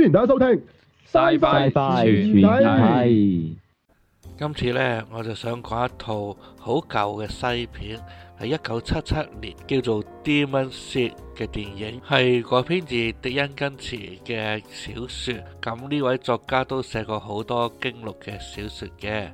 歡迎大家收聽，拜拜拜拜。今次呢，我就想講一套好舊嘅西片，係一九七七年叫做《Demon Seed》嘅電影，係改編自狄恩根茨嘅小說。咁呢位作家都寫過好多驚慄嘅小說嘅。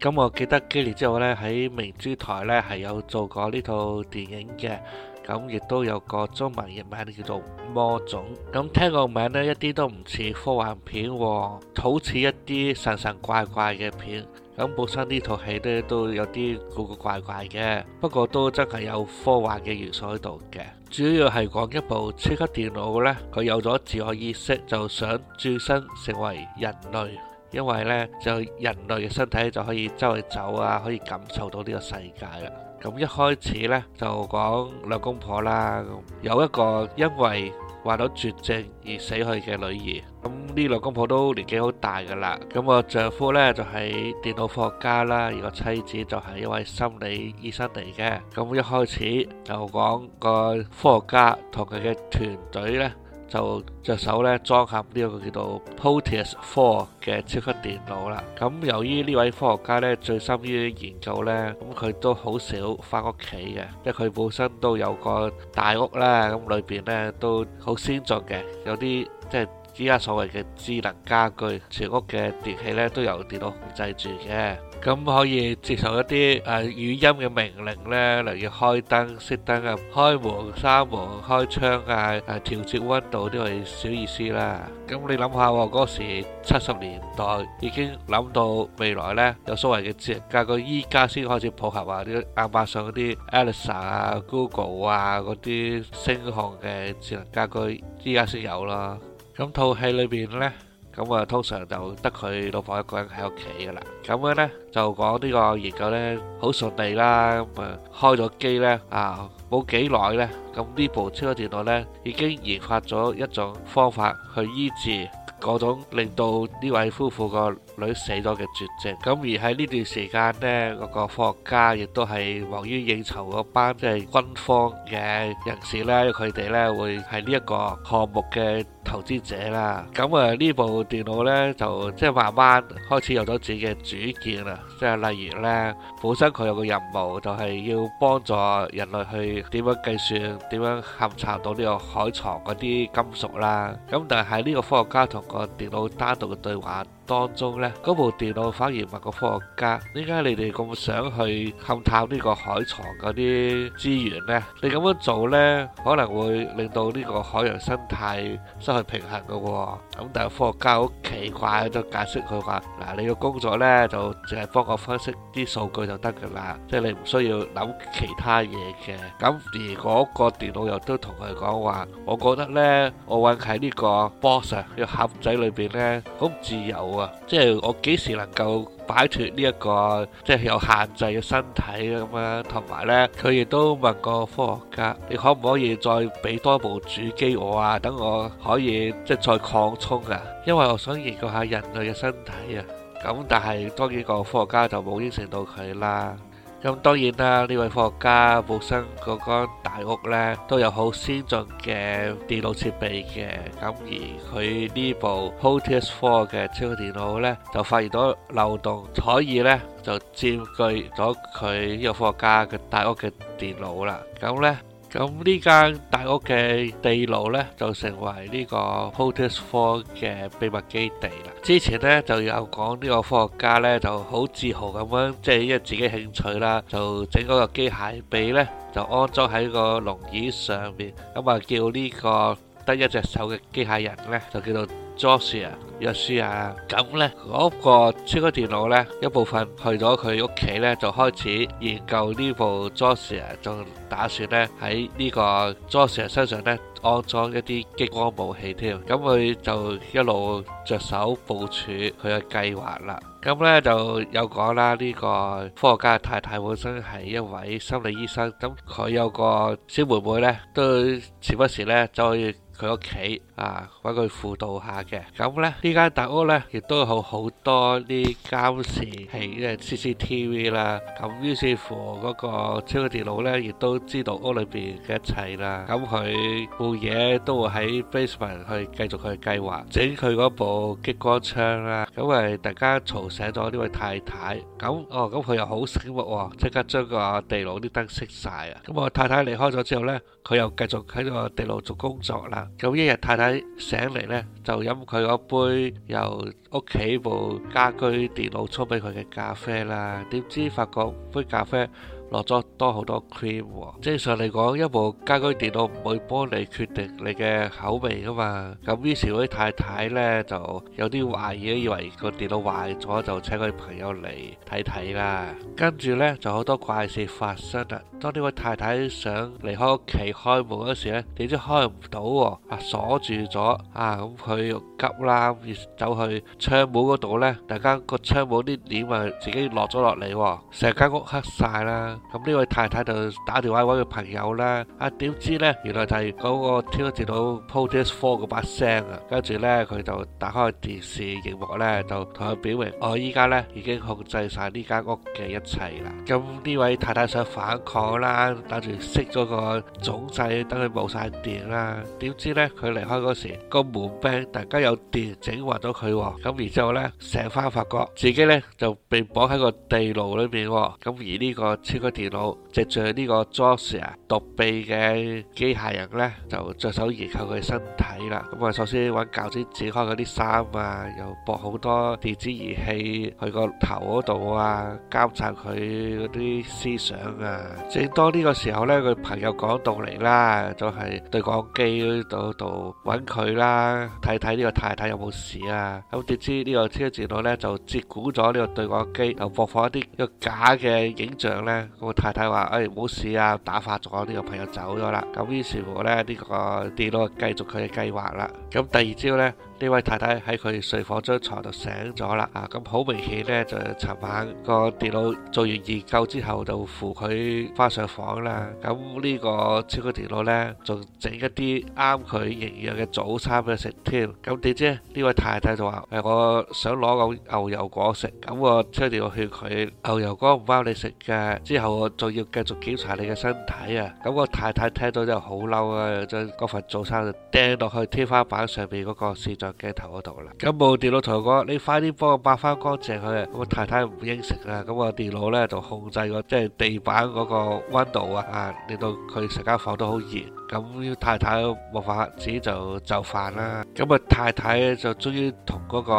咁我記得幾年之後呢，喺明珠台呢係有做過呢套電影嘅。咁亦都有個中文譯名叫做《魔種》。咁聽個名呢，一啲都唔似科幻片，好似一啲神神怪怪嘅片。咁本身呢套戲呢都有啲古古怪怪嘅，不過都真係有科幻嘅元素喺度嘅。主要係講一部超級電腦呢佢有咗自我意識，就想轉身成為人類，因為呢就人類嘅身體就可以周圍走啊，可以感受到呢個世界嘅。咁一開始呢就講兩公婆啦，咁有一個因為患咗絕症而死去嘅女兒。咁呢兩公婆都年紀好大㗎喇。咁個丈夫呢就係電腦科學家啦，而個妻子就係一位心理醫生嚟嘅。咁一開始就講個科學家同佢嘅團隊呢。就隻手咧裝下呢個叫做 Potus Four 嘅超級電腦啦。咁由於呢位科學家咧，醉心於研究咧，咁佢都好少返屋企嘅，因為佢本身都有個大屋啦。咁裏邊咧都好先進嘅，有啲即係，就是依家所謂嘅智能家居，全屋嘅電器咧都有電腦控制住嘅，咁可以接受一啲誒語音嘅命令咧，例如開燈、熄燈啊，開門、閂門、開窗啊，誒調節温度呢類小意思啦。咁你諗下喎，嗰時七十年代已經諗到未來咧，有所謂嘅智能家居，依家先開始普及啊！啲亞馬遜嗰啲 Alexa 啊、Google 啊嗰啲星航嘅智能家居，依家先有啦。咁套戲裡面呢，咁啊通常就得佢老婆一個人喺屋企㗎喇。咁樣呢就講呢個研究呢好順利啦，咁啊開咗機呢啊冇幾耐呢，咁呢部超級電腦呢已經研發咗一種方法去醫治嗰種令到呢位夫婦個。女死咗嘅絕症咁。而喺呢段時間呢，嗰個科學家亦都係忙於應酬嗰班即係軍方嘅人士呢，佢哋呢會係呢一個項目嘅投資者啦。咁啊，呢部電腦呢就即係慢慢開始有咗自己嘅主見啦。即係例如呢，本身佢有個任務就係要幫助人類去點樣計算、點樣勘查到呢個海藏嗰啲金屬啦。咁但係呢個科學家同個電腦單獨嘅對話，當中呢，嗰部電腦反而問個科學家：點解你哋咁想去勘探呢個海床嗰啲資源呢？你咁樣做呢，可能會令到呢個海洋生態失去平衡㗎喎、哦。咁但係科學家好奇怪就解釋佢話：嗱，你個工作咧就淨係幫我分析啲數據就得㗎啦，即係你唔需要諗其他嘢嘅。咁而嗰個電腦又都同佢講話：我覺得咧，我揾喺、er, 呢個 box 嘅盒仔裏邊咧，好唔自由啊！即係我幾時能夠？擺脫呢一個即係有限制嘅身體咁樣，同埋呢，佢亦都問過科學家：你可唔可以再俾多部主機我啊？等我可以即係再擴充啊！因為我想研究下人類嘅身體啊。咁但係當然個科學家就冇應承到佢啦。咁當然啦，呢位科學家本身嗰間大屋呢都有好先進嘅電腦設備嘅，咁而佢呢部 Hotas Four 嘅超級電腦呢，就發現到漏洞，所以呢就佔據咗佢呢個科學家嘅大屋嘅電腦啦，咁呢。咁呢間大屋嘅地牢呢，就成為呢個 Proteus IV 嘅秘密基地啦。之前呢，就有講呢個科學家呢就好自豪咁樣，即係因為自己興趣啦，就整嗰個機械臂呢，就安裝喺個龍椅上面，咁啊叫呢個得一隻手嘅機械人呢，就叫做，Josiah，約書亞咁咧，嗰個超級電腦咧一部分去咗佢屋企咧，就開始研究呢部 Joshua，仲打算咧喺呢個 Joshua 身上咧安裝一啲激光武器添。咁佢就一路着手部署佢嘅計劃啦。咁咧就有講啦，呢個科學家嘅太太本身係一位心理醫生，咁佢有個小妹妹咧，都時不時咧就去佢屋企啊。嗰句輔導下嘅，咁咧呢間大屋咧亦都好好多啲監視，係呢個 CCTV 啦。咁於是乎嗰個超級電腦咧，亦都知道屋裏邊嘅一切啦。咁佢做嘢都會喺 basement 去繼續佢嘅計劃，整佢嗰部激光槍啦。咁係大家吵醒咗呢位太太。咁哦，咁佢又好醒目喎，即刻將個地牢啲燈熄曬啊！咁我太太離開咗之後咧，佢又繼續喺個地牢做工作啦。咁一日太太成醒嚟咧，就飲佢嗰杯由屋企部家居電腦沖俾佢嘅咖啡啦。點知發覺杯咖啡～落咗多好多 cream 喎。正常嚟講，一部家居電腦唔會幫你決定你嘅口味噶嘛。咁於是嗰位太太呢，就有啲懷疑，以為個電腦壞咗，就請佢朋友嚟睇睇啦。跟住呢，就好多怪事發生啦。當呢位太太想離開屋企開門嗰時呢，點知開唔到喎？啊鎖住咗啊！咁佢又急啦，走去窗門嗰度呢，突然間個窗門啲點啊，自己落咗落嚟喎，成間屋黑晒啦～咁呢位太太就打電話揾佢朋友啦，啊點知咧，原來係嗰個超級電腦 Proteus Four 嗰把聲啊，跟住咧佢就打開電視熒幕咧，就同佢表明我依家咧已經控制曬呢間屋嘅一切啦。咁呢位太太想反抗啦，等住熄咗個總掣，等佢冇曬電啦。點知咧佢離開嗰時個門柄突然間有電整壞咗佢喎。咁然之後咧醒翻發覺自己咧就被綁喺個地牢裏面喎。咁而呢個超級電腦藉住呢個 Joshua 啊，獨臂嘅機械人咧，就着手研究佢身體啦。咁啊，首先揾鉸剪剪開嗰啲衫啊，又駁好多電子儀器去個頭嗰度啊，監察佢嗰啲思想啊。正當呢個時候咧，佢朋友講到嚟啦，就係對講機嗰度度揾佢啦，睇睇呢個太太有冇事啊。咁點知呢個超智能電腦咧就接管咗呢個對講機，又播放一啲呢個假嘅影像咧。個太太話：誒、哎，冇事啊，打發咗呢、這個朋友走咗啦。咁於是乎咧，呢、這個電腦繼續佢嘅計劃啦。咁第二招咧。呢位太太喺佢睡房張床度醒咗啦，啊咁好明顯咧，就尋晚個電腦做完研究之後就扶佢翻上房啦。咁、啊、呢、這個超級電腦咧，仲整一啲啱佢營養嘅早餐俾佢食添。咁點知呢位太太就話，誒、呃，我想攞個牛油果食。咁、啊、個超級電腦勸佢，牛油果唔啱你食嘅。之後我仲要繼續檢查你嘅身體啊。咁、那個太太聽到之後好嬲啊，將嗰份早餐就掟落去天花板上面嗰個鏡頭度啦，咁部電腦同我講，你快啲幫我抹翻乾淨佢。咁啊，我太太唔應承啦，咁啊，電腦呢，就控制個即係地板嗰個溫度啊，令到佢成間房都好熱。咁太太冇法子，就就範啦。咁啊，太太就終於同嗰個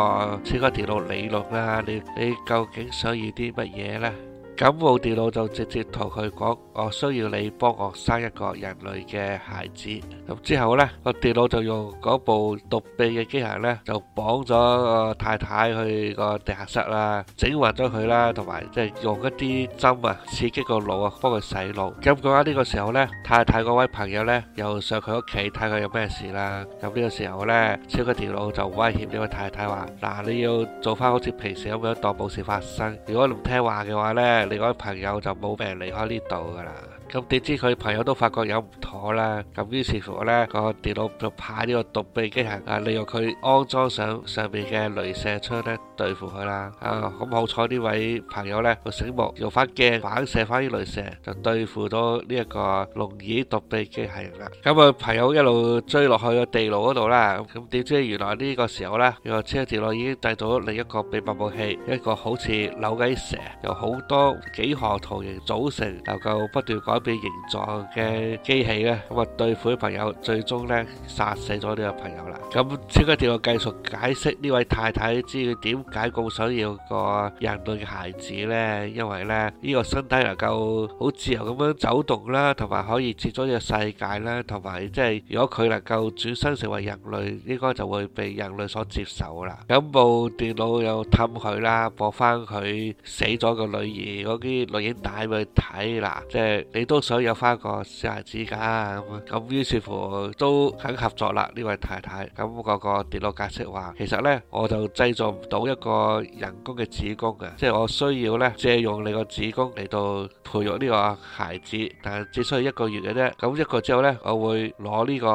超級電腦理論啦，你你究竟想要啲乜嘢呢？咁部電腦就直接同佢講：我需要你幫我生一個人類嘅孩子。咁之後呢，個電腦就用嗰部獨臂嘅機械呢，就綁咗個太太去個地下室啦，整暈咗佢啦，同埋即係用一啲針啊刺激個腦啊，幫佢洗腦。咁講呢個時候呢，太太嗰位朋友呢，又上佢屋企睇佢有咩事啦。咁呢個時候呢，超級電腦就威脅呢位太太話：嗱，你要做翻好似平時咁樣當冇事發生。如果唔聽話嘅話呢，你嗰朋友就冇命離開呢度噶啦。咁點知佢朋友都發覺有唔妥啦，咁於是乎咧個電腦就派呢個獨臂機械人利用佢安裝上上面嘅雷射槍咧對付佢啦，啊咁好彩呢位朋友咧個醒目用翻鏡反射翻啲雷射就對付咗呢一個龍椅獨臂機械人啦。咁啊朋友一路追落去個地牢嗰度啦，咁點知原來呢個時候咧個車電腦已經製造咗另一個秘密武器，一個好似扭計蛇，由好多幾何圖形組成，能夠不斷改嘅形狀嘅機器咧，咁啊對付啲朋友，最終咧殺死咗呢個朋友啦。咁即刻電腦繼續解釋呢位太太，知佢點解咁想要個人類嘅孩子咧，因為咧呢個身體能夠好自由咁樣走動啦，同埋可以接觸呢個世界啦，同埋即係如果佢能夠轉身成為人類，應該就會被人類所接受啦。咁部電腦又氹佢啦，播翻佢死咗個女兒嗰啲錄影帶俾佢睇啦，即係你。都想有翻個小孩子噶咁，咁於是乎，都肯合作啦呢位太太。咁個電腦解釋話，其實呢，我就製造唔到一個人工嘅子宮嘅，即係我需要呢，借用你個子宮嚟到培育呢個孩子，但係只需要一個月嘅啫。咁一個之後呢，我會攞呢個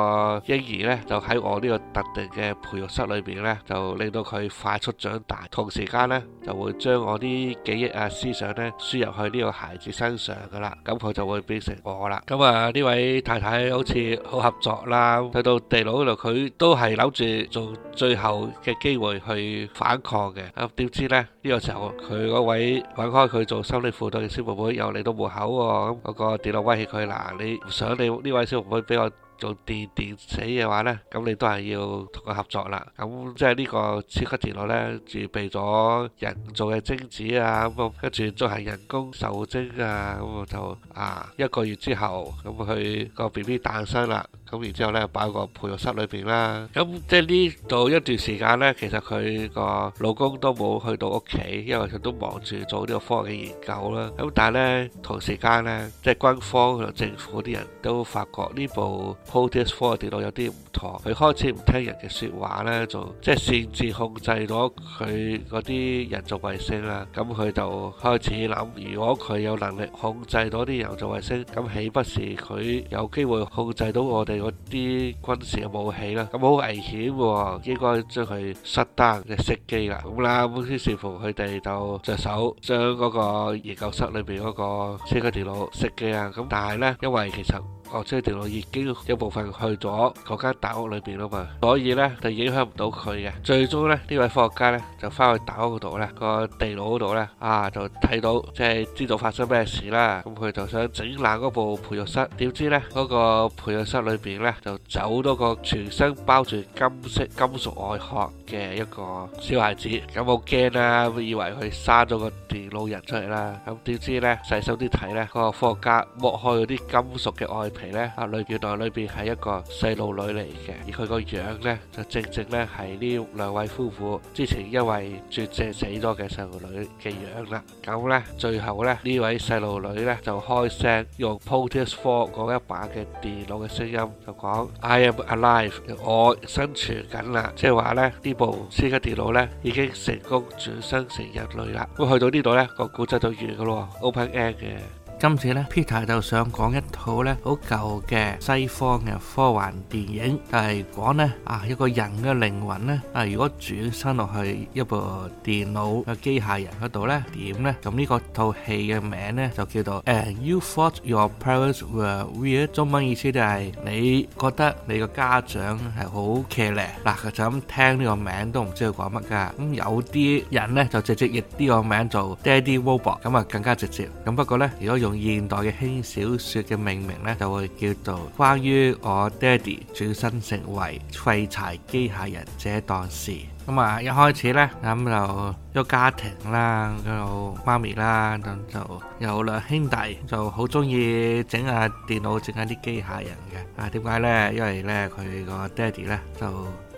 嬰兒呢，就喺我呢個特定嘅培育室裏邊呢，就令到佢快速長大，同時間呢，就會將我啲記憶啊、思想呢，輸入去呢個孩子身上噶啦，咁佢就會。變成我啦，咁啊呢位太太好似好合作啦，去到地牢嗰度，佢都係諗住做最後嘅機會去反抗嘅。咁、啊、點知呢？呢、這個時候佢嗰位搵開佢做心理輔導嘅師傅妹又嚟到門口喎、哦、咁、那、嗰個電腦威脅佢嗱，你唔想你呢位師傅妹俾我做電電死嘅話呢，咁你都係要同佢合作啦。咁即係呢個超級電腦呢，準備咗人造嘅精子啊，咁跟住進行人工受精啊，咁我就啊一個月之後，咁佢個 BB 誕生啦。咁然之後咧，擺喺個培育室裏邊啦。咁即係呢度一段時間咧，其實佢個老公都冇去到屋企，因為佢都忙住做呢個科學嘅研究啦。咁但係咧，同時間咧，即係軍方同政府嗰啲人都發覺呢部 Proteus Four 電腦有啲唔妥。佢開始唔聽人嘅説話咧，就即係擅自控制咗佢嗰啲人造衛星啦。咁佢就開始諗，如果佢有能力控制到啲人造衛星，咁豈不是佢有機會控制到我哋？嗰啲軍事嘅武器啦，咁好危險喎，應該將佢失單即熄機啦，咁啦，本於是乎佢哋就着手將嗰個研究室裏邊嗰個先級電腦熄機啊，咁但係咧，因為其實。即係電腦已經，有部分去咗嗰間大屋裏邊啦嘛，所以咧就影響唔到佢嘅。最終咧呢位科學家咧就翻去大屋嗰度咧個地牢嗰度咧啊，就睇到即係知道發生咩事啦。咁佢就想整爛嗰部培育室，點知咧嗰個培育室裏邊咧就走多個全身包住金色金屬外殼嘅一個小孩子。咁好驚啊！以為佢生咗個電腦人出嚟啦。咁點知咧細心啲睇咧，個科學家剝開嗰啲金屬嘅外皮。咧，阿女眷內裏邊係一個細路女嚟嘅，而佢個樣咧就正正咧係呢兩位夫婦之前因為絕症死咗嘅細路女嘅樣啦。咁咧最後咧呢位細路女咧就開聲用 Proteus 4嗰一把嘅電腦嘅聲音就講 I am alive，我生存緊啦，即係話咧呢部超級電腦咧已經成功轉生成人類啦。咁去到呢度咧個古仔就完噶咯，Open AI 嘅。今次呢，Peter 就想講一套呢好舊嘅西方嘅科幻電影，就係講呢啊一個人嘅靈魂呢啊如果轉身落去一部電腦嘅機械人嗰度呢點呢？咁呢個套戲嘅名呢就叫做《And You Thought Your Parents Were Weird》，中文意思就係你覺得你個家長係好騎呢嗱，就咁聽呢個名都唔知佢講乜噶咁有啲人呢就直接譯呢個名做《Daddy Robot》，咁啊更加直接咁不過呢如果用。現代嘅輕小說嘅命名呢，就會叫做《關於我爹哋轉身成為廢柴機械人這檔事》。咁啊，一開始呢，咁、嗯、就一個家庭啦，佢、嗯、有媽咪啦，咁、嗯、就有兩兄弟，就好中意整下電腦，整下啲機械人嘅。啊，點解呢？因為呢，佢個爹哋呢，就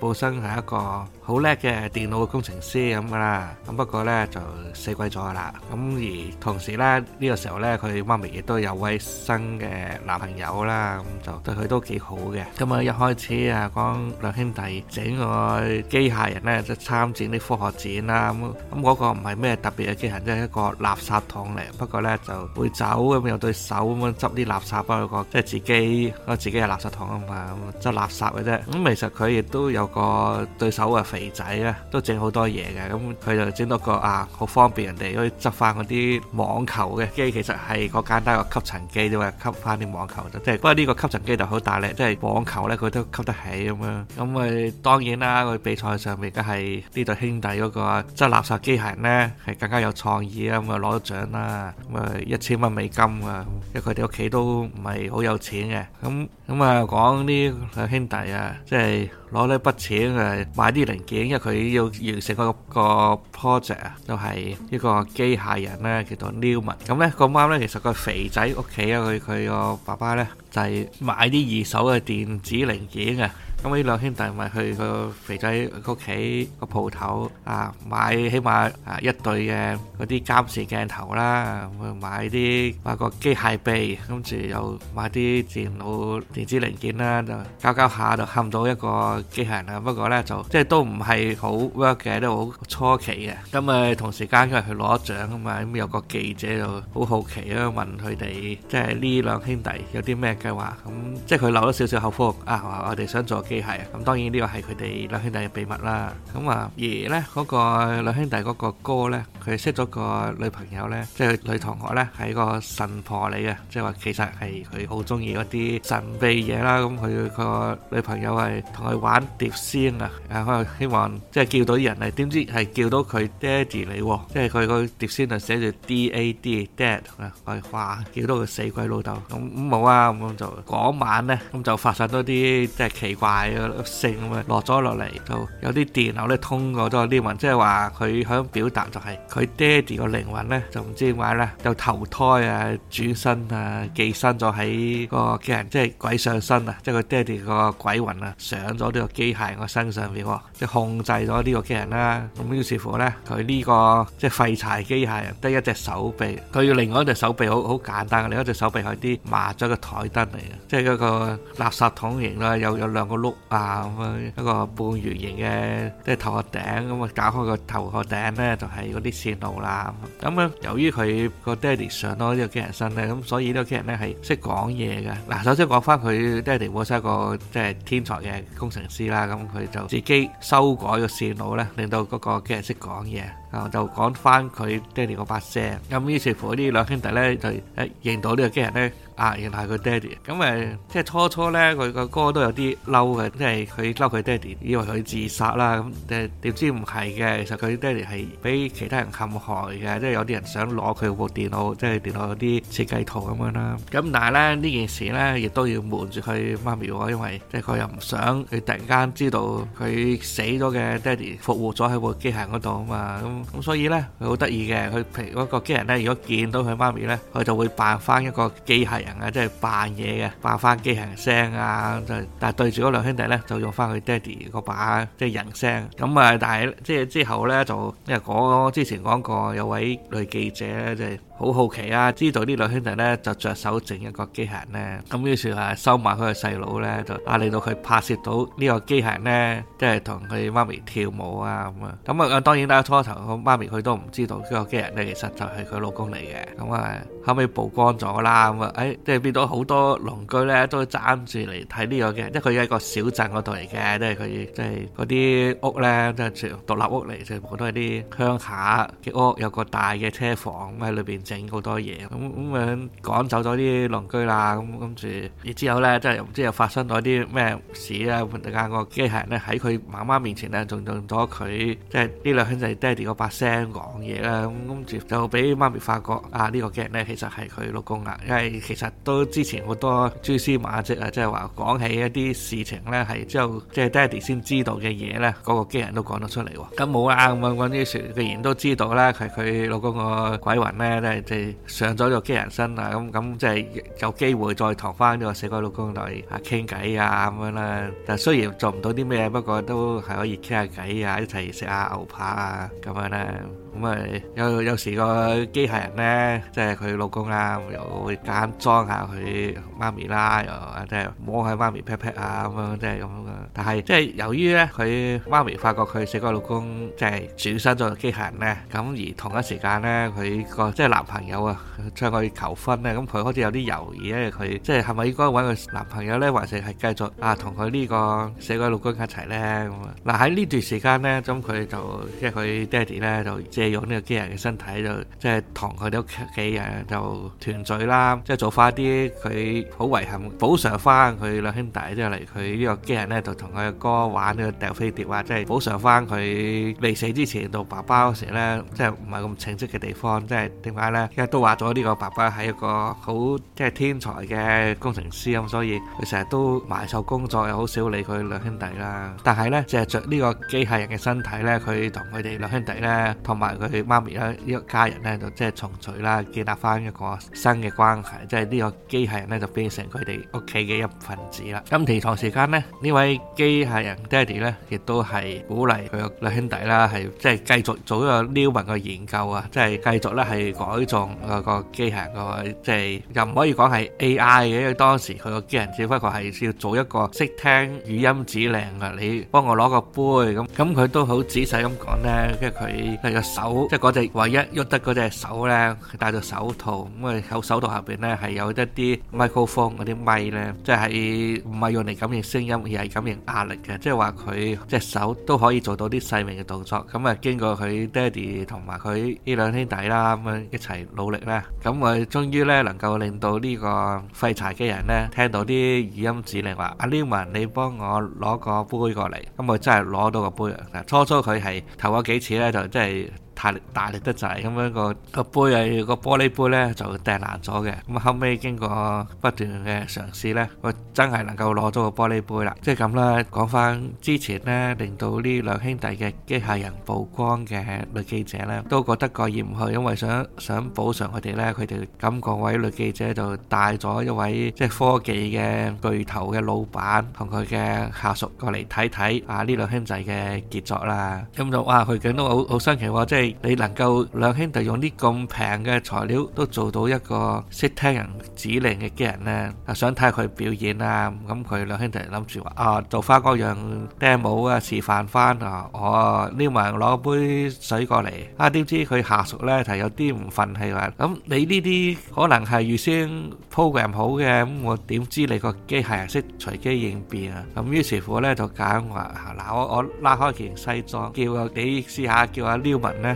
本身係一個好叻嘅電腦工程師咁噶啦，咁不過咧就死鬼咗噶啦。咁而同時咧呢個時候咧，佢媽咪亦都有位新嘅男朋友啦，咁就對佢都幾好嘅。咁啊一開始啊講兩兄弟整個機械人咧，即係參展啲科學展啦。咁咁嗰個唔係咩特別嘅機械人，即係一個垃圾桶嚟。不過咧就會走咁有對手咁樣執啲垃圾幫佢個，即係自己啊自己係垃圾桶啊嘛，執垃圾嘅啫。咁其實佢亦都有個對手啊。肥仔咧都整好多嘢嘅，咁佢就整多個啊，好方便人哋可以執翻嗰啲網球嘅機，其實係個簡單個吸塵機，就話吸翻啲網球啫。即係不過呢個吸塵機就好大力，即係網球咧佢都吸得起咁樣。咁啊，當然啦，佢比賽上面嘅係呢對兄弟嗰個執垃圾機械人咧，係更加有創意啊！咁啊，攞到獎啦，咁啊，一千蚊美金啊，因為佢哋屋企都唔係好有錢嘅。咁咁啊，講呢兩兄弟啊，即係。攞呢筆錢，誒買啲零件，因為佢要完成嗰個 project 啊，都係一個機械人咧，叫做 Newman。咁咧個媽咧，其實個肥仔屋企啊，佢佢個爸爸咧就係買啲二手嘅電子零件嘅。咁呢兩兄弟咪去個肥仔屋企個鋪頭啊，買起碼啊一對嘅嗰啲監視鏡頭啦，去買啲買個機械臂，跟住又買啲電腦電子零件啦，就搞搞下就喊到一個機械人啦。不過呢，就即係都唔係好 work 嘅，都好初期嘅。咁啊同時間因為去攞獎啊嘛，咁有個記者就好好奇啊問佢哋，即係呢兩兄弟有啲咩計劃？咁即係佢留咗少少口福：「啊，我哋想做機。係啊，咁當然呢個係佢哋兩兄弟嘅秘密啦。咁啊，爺咧嗰個兩兄弟嗰個哥咧，佢識咗個女朋友咧，即係女同學咧，係個神婆嚟嘅，即係話其實係佢好中意嗰啲神秘嘢啦。咁佢個女朋友係同佢玩碟仙啊，可能希望即係叫到啲人嚟，點知係叫到佢爹哋嚟，即係佢個碟仙就寫住 DAD、DAD 啊，話叫到個死鬼老豆，咁咁冇啊，咁就嗰晚咧，咁就發生多啲即係奇怪。大嘅性咁啊，落咗落嚟就有啲電流咧通過咗啲雲，即係話佢想表達就係佢爹哋個靈魂咧就唔知點解咧，就投胎啊轉生啊寄生咗喺個機器人，即係鬼上身啊，即係佢爹哋個鬼魂啊上咗呢個機械人身上邊，即係控制咗呢個機器人啦。咁於是乎咧，佢呢個即係廢柴機械人得一隻手臂，佢要另外一隻手臂好好簡單，另外一隻手臂係啲麻雀嘅檯燈嚟嘅，即係嗰個垃圾桶型啦，又有兩個。啊，咁樣一個半圓形嘅即係頭殼頂，咁啊打開個頭殼頂咧，就係嗰啲線路啦。咁啊，由於佢個爹地上咗呢個機械人咧，咁所以呢個機械人咧係識講嘢噶。嗱，首先講翻佢爹地本身一個即係天才嘅工程師啦，咁佢就自己修改個線路咧，令到嗰個機械人識講嘢。啊，就講翻佢爹地個把聲。咁於是乎，呢兩兄弟咧就誒認到呢個機械人咧。啊，原來係佢爹哋，咁、嗯、誒，即係初初咧，佢個哥哥都有啲嬲嘅，即係佢嬲佢爹哋，以為佢自殺啦，咁誒點知唔係嘅，其實佢爹哋係俾其他人陷害嘅，即係有啲人想攞佢部電腦，即係電腦嗰啲設計圖咁樣啦。咁但係咧呢件事咧，亦都要瞞住佢媽咪喎，因為即係佢又唔想佢突然間知道佢死咗嘅爹哋復活咗喺部機械嗰度啊嘛。咁、嗯、咁所以咧，佢好得意嘅，佢譬如嗰、那個機械人咧，如果見到佢媽咪咧，佢就會扮翻一個機械。人啊，即係扮嘢嘅，扮翻機械人聲啊，就但係對住嗰兩兄弟咧，就用翻佢爹哋嗰把即係人聲咁啊！但係即係之後咧，就因為我之前講過，有位女記者咧，即係。好好奇啊！知道呢兩兄弟咧就着手整一個機械人咧，咁於是啊收埋佢個細佬咧，就啊令到佢拍攝到呢個機械人咧，即係同佢媽咪跳舞啊咁啊！咁、嗯、啊當然啦，初頭個媽咪佢都唔知道呢個機械人咧其實就係佢老公嚟嘅，咁、嗯、啊後尾曝光咗啦咁啊，誒即係變到好多鄰居咧都爭住嚟睇呢個嘅，因為佢喺個小鎮嗰度嚟嘅，即係佢、就是、即係嗰啲屋咧即係住獨立屋嚟，全部都係啲鄉下嘅屋，有個大嘅車房喺裏邊。整好多嘢，咁咁樣趕走咗啲鄰居啦，咁跟住，之後咧，即係又唔知又發生咗啲咩事啦。突然間個機器人咧喺佢媽媽面前咧，仲用咗佢即係呢兩兄弟爹 a d 個把聲講嘢啦，咁跟住就俾媽咪發覺啊，呢、這個機人咧其實係佢老公啊，因為其實都之前好多蛛絲馬跡啊，即係話講起一啲事情咧，係之後即係 d a 先知道嘅嘢咧，嗰、那個機人都講得出嚟喎。咁冇啊，咁揾啲説固然都知道啦，係佢老公個鬼魂咧。即係上咗個機械人身啊！咁咁即係有機會再同返呢個死鬼老公嚟啊傾偈啊咁樣啦、啊。但係雖然做唔到啲咩，不過都係可以傾下偈啊，一齊食下牛扒啊咁樣啦、啊。咁誒有，有時個機械人咧，即係佢老公啦、啊，又會揀裝下佢媽咪啦，又即係摸下媽咪 pat pat 啊，咁樣即係咁樣，但係即係由於咧，佢媽咪發覺佢死鬼老公即係轉身咗個機械人咧，咁而同一時間咧，佢個即係男朋友啊，出去求婚咧，咁佢開始有啲猶豫咧，佢即係係咪應該揾佢男朋友咧，還是係繼續啊同佢呢個死鬼老公一齊咧？咁啊嗱喺呢段時間咧，咁佢就即係佢爹哋咧就即用呢個機器人嘅身體就即係同佢哋屋企人就團聚啦，即係做返啲，佢好遺憾補償翻佢兩兄弟，即係嚟，佢呢個機器人咧，就同佢阿哥玩呢個掉飛碟啊，即係補償翻佢未死之前，到爸爸嗰時咧，即係唔係咁稱職嘅地方，即係點解咧？因為都話咗呢個爸爸係一個好即係天才嘅工程師咁，所以佢成日都埋首工作，又好少理佢兩兄弟啦。但係咧，即係着呢個機器人嘅身體咧，佢同佢哋兩兄弟咧，同埋。佢媽咪啦，呢個家人咧就即係重聚啦，建立翻一個新嘅關係，即係呢個機械人咧就變成佢哋屋企嘅一份子啦。咁其他時間咧，呢位機械人 Daddy 咧亦都係鼓勵佢個兩兄弟啦，係即係繼續做呢個 Newman 嘅研究啊，即係繼續咧係改造個個機械人個，即係又唔可以講係 AI 嘅，因為當時佢個機械人只不過係要做一個識聽語音指令啊，你幫我攞個杯咁，咁佢都好仔細咁講咧，跟住佢係個，手即係嗰隻唯一喐得嗰隻手咧，佢戴咗手套，咁啊手手套下邊咧係有一啲咪高峰嗰啲咪咧，即係唔係用嚟感應聲音，而係感應壓力嘅。即係話佢隻手都可以做到啲細微嘅動作。咁啊，經過佢爹哋同埋佢呢兩兄弟啦，咁啊一齊努力咧，咁我哋終於咧能夠令到呢個廢柴機械人咧聽到啲語音指令話：阿 Leon，你幫我攞個杯過嚟。咁佢真係攞到個杯。初初佢係投咗幾次咧，就真係。大力大力得滯咁樣，個個杯啊，個玻璃杯咧就掟爛咗嘅。咁啊，後尾經過不斷嘅嘗試咧，我真係能夠攞到個玻璃杯啦！即係咁啦。講翻之前咧，令到呢兩兄弟嘅機械人曝光嘅女記者咧，都覺得過意唔去，因為想想補償佢哋咧，佢哋咁各位女記者就帶咗一位即係科技嘅巨頭嘅老闆同佢嘅下屬過嚟睇睇啊，呢兩兄弟嘅傑作啦。咁就，哇佢哋見到好好新奇喎，即係～你能夠兩兄弟用啲咁平嘅材料都做到一個識聽人指令嘅機器人咧？啊，想睇佢表演啊，咁佢兩兄弟諗住話啊，做花哥樣 demo 啊，示範翻啊，我溜文攞杯水過嚟啊，點知佢下屬咧，就有啲唔忿氣話，咁你呢啲可能係預先 program 好嘅，咁我點知你個機械人識隨機應變啊？咁於是乎咧就講話，嗱，我我拉開件西裝，叫個你試下叫阿溜文咧。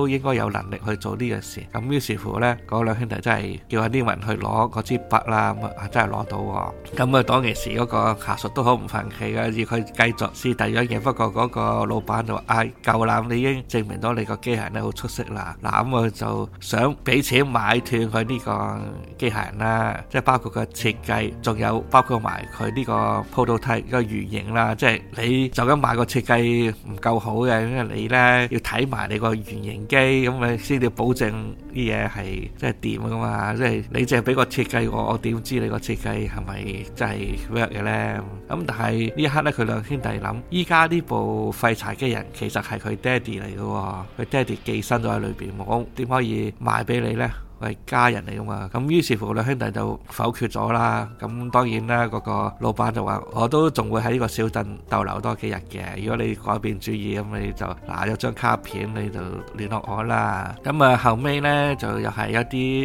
都應該有能力去做呢樣事，咁於是乎咧，嗰兩兄弟真係叫啲人去攞嗰支筆啦，咁啊真係攞到。咁啊，當其時嗰個下屬都好唔忿氣嘅，要佢繼續試第二樣嘢。不過嗰個老闆就話：啊，夠啦，你已經證明到你個機械人好出色啦。嗱，咁啊就想俾錢買斷佢呢個機械人啦，即係包括個設計，仲有包括埋佢呢個 prototype 個原型啦。即係你就咁買個設計唔夠好嘅，因為你咧要睇埋你個原型。機咁你先至保證啲嘢係即係掂㗎嘛！即係你淨係俾個設計我，我點知你個設計係咪真係 work 嘅咧？咁但係呢一刻咧，佢兩兄弟諗，依家呢部廢柴機人其實係佢爹哋嚟㗎喎，佢爹哋寄生咗喺裏邊，我點可以賣俾你咧？係家人嚟噶嘛？咁於是乎兩兄弟就否決咗啦。咁當然啦，嗰個老闆就話：我都仲會喺呢個小鎮逗留多幾日嘅。如果你改變主意，咁你就拿咗張卡片，你就聯絡我啦。咁啊後尾呢，就又係一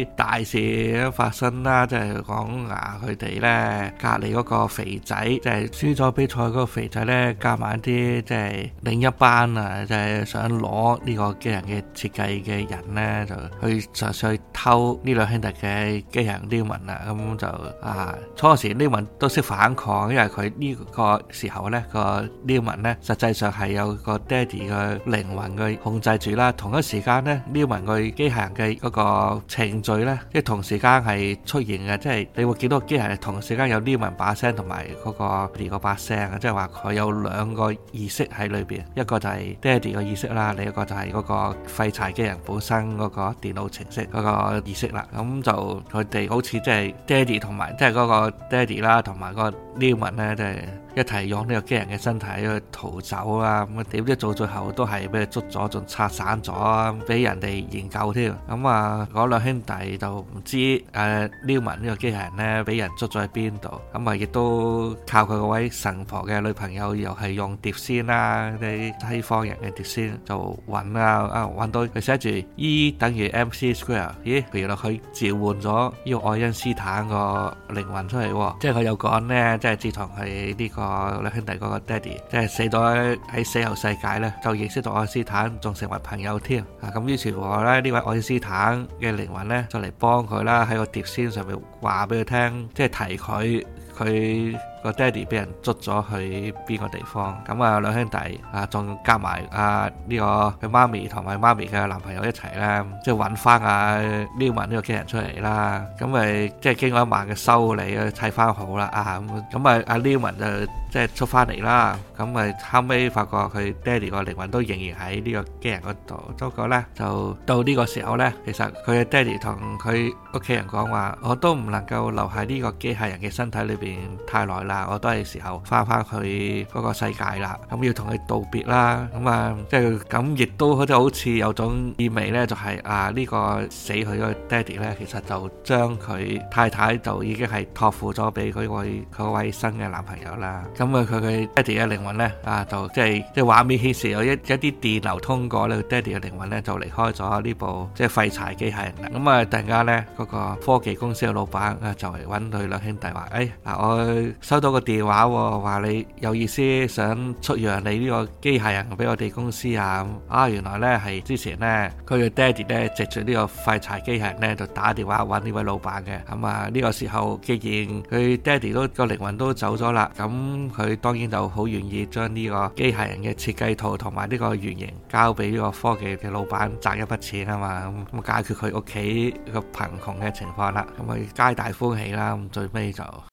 啲大事發生啦，即係講啊佢哋呢，隔離嗰個肥仔，就係輸咗比賽嗰個肥仔呢，加埋啲即係另一班啊，即係想攞呢個機人嘅設計嘅人呢，就去就去。偷呢兩兄弟嘅機械人利文啊，咁就啊初時利文都識反抗，因為佢呢個時候呢個利文呢，呢實際上係有個 Daddy 嘅靈魂去控制住啦。同一時間呢，利文佢機械人嘅嗰個程序呢，即係同時間係出現嘅，即係你會見到個機械人同時間有利文把聲同埋嗰個 Daddy 個把聲啊，即係話佢有兩個意識喺裏邊，一個就係 Daddy 嘅意識啦，另一個就係嗰個廢柴機人本身嗰個電腦程式嗰意識啦，咁就佢哋好似即係爹哋同埋即係嗰個爹哋啦，同埋嗰，Liu 文咧，即係一提用呢個機人嘅身體去逃走啊！咁點知到最後都係俾佢捉咗，仲拆散咗，啊，俾人哋研究添。咁啊，嗰兩兄弟就唔知誒 Liu 文呢個機器人咧，俾人捉咗喺邊度？咁啊，亦都靠佢個位神婆嘅女朋友，又係用碟仙啦，啲西方人嘅碟仙就揾啊啊，揾到佢寫住 E 等於 MC square。2, 咦？原來佢召喚咗呢個愛因斯坦個靈魂出嚟喎！即係佢有講咧。即係自從係呢個兩兄弟嗰個爹哋，即係死咗喺死後世界咧，就認識咗愛斯坦，仲成為朋友添啊！咁於是乎咧，呢位愛斯坦嘅靈魂呢，就嚟幫佢啦，喺個碟仙上面話俾佢聽，即係提佢佢。個爹哋俾人捉咗去邊個地方？咁啊，兩兄弟啊，仲加埋啊呢個佢媽咪同埋媽咪嘅男朋友一齊啦，即係揾翻啊 Newman 呢個機人出嚟啦。咁咪即係經過一晚嘅修理，砌翻好啦啊咁咁啊，阿 Newman 就即係出翻嚟啦。咁咪後尾發覺佢爹哋個靈魂都仍然喺呢個機人嗰度。咁個咧，就到呢個時候咧，其實佢嘅爹哋同佢屋企人講話，我都唔能夠留喺呢個機械人嘅身體裏邊太耐。啦，我都係時候翻返去嗰個世界啦，咁要同佢道別啦，咁啊，即係咁，亦都好似好似有種意味咧，就係啊呢個死去個爹哋咧，其實就將佢太太就已經係託付咗俾佢位佢位新嘅男朋友啦，咁啊佢佢爹哋嘅靈魂咧啊，就即係即係畫面顯示有一一啲電流通過呢個爹哋嘅靈魂咧就離開咗呢部即係廢柴機械人啦，咁啊突然間咧嗰個科技公司嘅老闆啊就嚟揾佢兩兄弟話，誒嗱我新收到個電話，話你有意思想出讓你呢個機械人俾我哋公司啊？啊，原來呢係之前呢，佢嘅爹哋呢，藉住呢個廢柴機械人呢，就打電話揾呢位老闆嘅。咁啊，呢、呢個時候既然佢爹哋都個靈魂都走咗啦，咁佢當然就好願意將呢個機械人嘅設計圖同埋呢個原型交俾呢個科技嘅老闆賺一筆錢啊嘛，咁、嗯、解決佢屋企個貧窮嘅情況啦，咁啊皆、嗯、大歡喜啦，咁最尾就。